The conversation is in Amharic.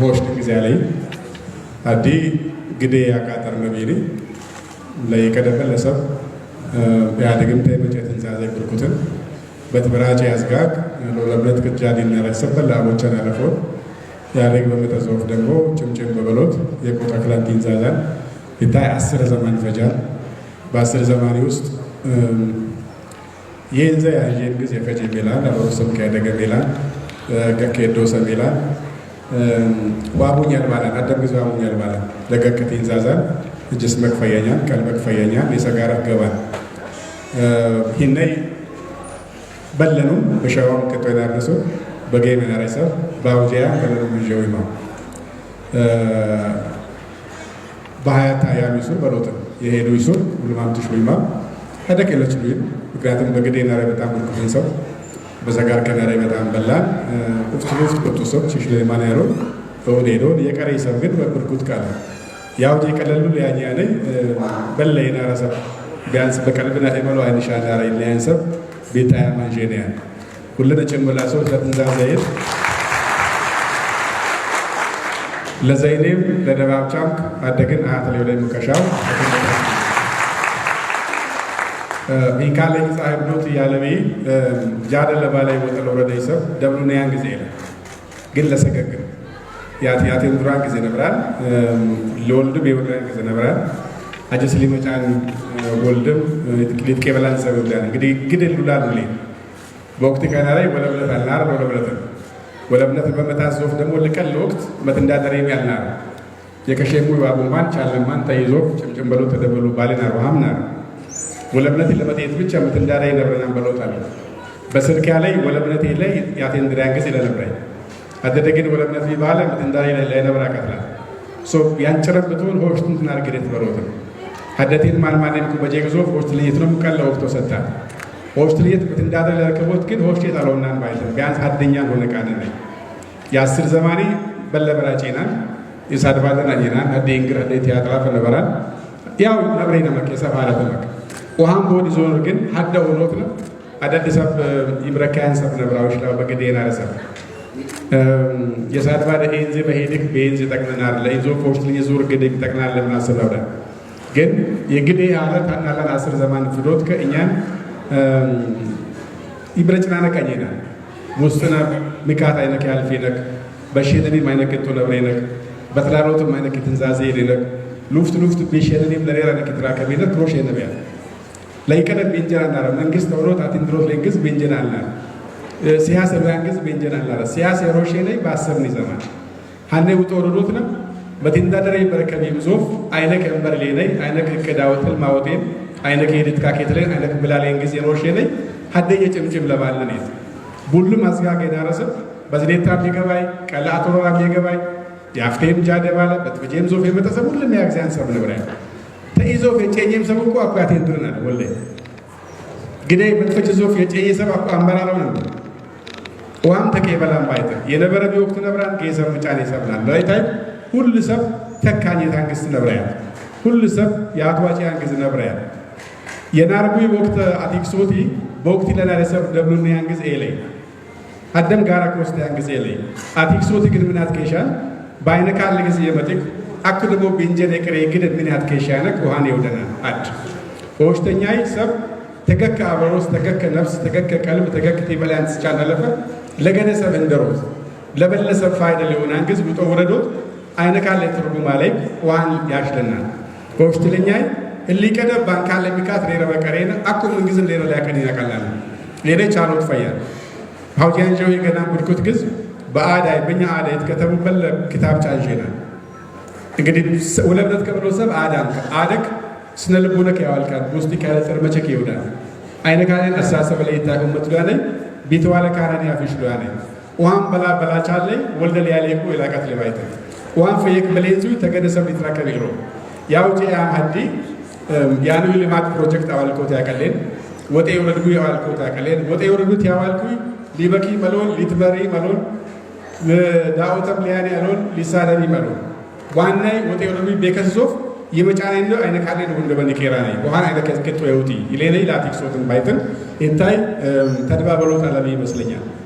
ሆሽት ጊዜ ላይ አዲ ግዴ ያቃጠር ነው ቢሪ ለይቀደፈለሰብ ያደግም ታይ መጨትን ዛዘ ብርኩትን በትበራጭ ያዝጋግ ለሁለት ቅጃ ዲነረሰብ ለአቦቸን ያለፈው ያደግ በመጠዘወፍ ደግሞ ጭምጭም በበሎት የቆጣ ክላንቲን ዛዛን ይታይ አስር ዘመን ፈጃል። በአስር ዘማኔ ውስጥ ይህን ዘ ያየን ጊዜ ፈጅ የሚላን አበሮሰብ ከያደገ ሚላን ገኬዶ ሰሜላ ዋቡኛል ማለት አደግዞ ዋቡኛል ማለት ለገከት ይንዛዛል እጅስ መክፈየኛል ቀል መክፈየኛል የሰጋራ ገባል ሂነይ በለኑ በሸዋም ቅጦ ናርነሱ በጌም ናራይሰብ በአውዲያ በለኑ ምዥው ይማ በሀያታ ያሚሱ በሎትን የሄዱ ይሱ ሁልማምትሽ ይማ ከደቅ የለችሉይም ምክንያቱም በግዴ ናራይ በጣም ልክፍን ሰው በዛ ጋር ከነረ በጣም በላን ውፍት ውፍት ወጥቶ ሰብ ሽሽለ ማነሮ ወዴዶ የቀረ ሰብ ግን በብርኩት ቃል ያው የቀለሉ ያኛ ነኝ በለይና ራሰ ቢያንስ በቀልብና ሄመሎ አይንሻ ዳራ ይለያን ሰብ ቤታ ማንጄኒያ ሁለነ ጨምላ ሰው ለጥንዛ ዘይት ለዘይኔም ለደባብ ቻምክ አደግን አያት ላይ ላይ ምከሻው ሂንካለኝ ፀሐይ ብሎት እያለቤ ጃደ ለባላይ ወጠለ ወረደ ይሰብ ደብሉን ያን ጊዜ የለ ግን ለሰገግን የአቴን ዱራን ጊዜ ነብራል ለወልድም የወላን ጊዜ ነብራል አጀስ ሊመጫን ወልድም ሊጥቄ በላን ሰብ ብላ እንግዲህ ግድል ሉላል ሌ በወቅት ቀና ላይ ወለብለት አልናር ወለብለት ወለብለት በመታዝ ደግሞ ልቀል ወቅት መትንዳደር የሚያልናር የከሸሙ ባቡማን ቻለማን ተይዞ ጭምጭምበሎ ተደበሉ ባሌን አርባሃም ወለምነት ለመትየት ብቻ ምትንዳዳ ይነብረናን በለውጣል በስልኪያ ላይ ወለምነት ላይ ያቴን ድሪያንገስ ይለነብራይ አደደግን ወለምነት ባለ ምትንዳዳ ላይነብራ ቀትላል ያንጭረት ብትሆን ሆሽቱን ትናርግዴት በለውት ሀደቴን ማልማደን ኩበጄ ግዞ ሆሽት ልየት ነው ምቃል ለወቅቶ ሰጥታል ሆሽት ልየት ላይ ሊያርከቦት ግን ሆሽት የጣለውናን ባይለም ቢያንስ አደኛ ሆነ ቃል ነኝ የአስር ዘማኔ በለበራጭናል የሳድባለና ጅናን አደ ንግር አደ ቲያጥላ ያው ነብሬ ነመቅ የሰፋ አለተመቅ ወሃምቦን ይዞር ግን ሀደው ኖትነ አዳድሰብ ይብረካያን ሰብ ነብራዎች ላ በገዴና ረሰብ የሳት ባደ ኤንዜ መሄድክ በኤንዜ ጠቅመናል ለኢንዞ ፖስትልኝ ዙር ግዴ ይጠቅናል ለምናስብ ለውዳ ግን የግዴ አለት አናለን አስር ዘማን ፍዶት ከእኛን ይብረጭናነቀኝና ውስጥነ ምካት አይነክ ያልፌነክ በሼደኒ ማይነክቶ ነብሬነክ በትላሮት ማይነክ ትንዛዜ ሌነክ ሉፍት ሉፍት ቤሼደኒ ለሌላ ነክ ትራከቤነክ ሮሽ ነቢያል ለይቀነ ቤንጀን አናረ መንግስት ኦሮት አትንድሮት ለይግዝ ቤንጀን አናረ ሲያሰ ባንግዝ ቤንጀን አናረ ሲያሰ ሮሼ ላይ ባሰብ ነው ይዘማል ሀኔ ውጦ ኦሮዶት ነው በቲንዳደረ በረከብ ይብዞፍ አይነክ እንበር ላይ አይነክ ከዳውትል ማወቴም አይነክ የድትካ ከተለ አይነክ ብላሌን ጊዜ ሮሼ ላይ ሀደ የጭምጭም ለባለን ይት ቡሉም አዝጋገ ዳረሰ በዝኔታም የገባይ ቀላአቶራም የገባይ የአፍቴም ጃደባለ በትፍጄም ዞፍ የመጠሰብ ሁሉም ያግዚያን ሰብ ንብራ ተይዞ የጨኘም ሰብ እኮ አኳ ያቴድርናል ወላሂ ግዳይ መጥፈች ዞፍ የጨኘ ሰብ አኳ አመራራው ነበር ዋም ተከይ በላም ባይተ የነበረ ቢወቅት ነብራን ከየሰብ ምጫኔ ሰብናል በላይታይ ሁሉ ሰብ ተካኝ የታንግስት ነብራያል ሁሉ ሰብ የአትዋጭ ያንግዝ ነብራያል የናርቡ ወቅት አቲክሶቲ በወቅት ለናረ ሰብ ደብሉን ያንግዝ ኤለይ አደም ጋራ ኮስተ ያንግዝ ኤለይ አቲክሶቲ ግን ምናት ከይሻል ባይነ ካለ ጊዜ የመጥቅ አክድቦ ብእንጀነ ቅሬ ግደት ምን ያት ከሻነክ ውሃን የውደነ አድ በውሽተኛይ ሰብ ተገከ አበሮስ ተገከ ነፍስ ተገከ ቀልብ ተገከ ቴበላያን ስቻን አለፈ ለገነ ሰብ እንደሮት ለበለ ሰብ ፋይደ ሊሆን አንገዝ ብጦ ወረዶት አይነካለ ትርጉም ላይ ውሃን ያሽለናል በውሽትለኛይ እሊቀደ ባንካለ ቢካት ሬረ በቀሬነ አኩ ምንግዝን ሬረ ሊያቀን ያቀላል ሌደ ቻሎት ፈያል ሀውቲያን የገና ብድኩት ግዝ በአዳይ በእኛ አዳይት ከተሙ በለ ክታብ እንግዲህ ውለብለት ከብሎ ሰብ አዳም አደክ ስነ ልቦነክ ያዋልካ ውስጥ ካለ ጸርመቸክ ይውዳል አይነ ካለን አሳሰበ ላይ ታከመት ጋር ቢተዋለ ካራኒ ያፍሽ ጋር ውሃን በላ በላቻለ ወልደ ሊያሌኩ ኢላቃት ለባይተ ውሃን ፈየክ በሌንዙ ተገደሰብ ይትራከብ ቢሮ ያው ጀያ አዲ ያኑ ልማት ፕሮጀክት አዋልኮት ያቀለን ወጤ ወረድጉ ያዋልኮት ያቀለን ወጤ ወረዱት ያዋልኩ ሊበቂ መሎን ሊትበሪ መሎን ዳውተም ሊያኔ አሎን ሊሳረኒ መሎን ዋናይ ወጤ ወጤሮሚ ቤከሶፍ የመጫኔነ ኬራ ወንደበን ኬራኔ አይነ አይነከስከቶ የውቲ ኢሌኔ ላቲክሶትን ባይትን እንታይ ተድባበሎ ጠለብ ይመስለኛል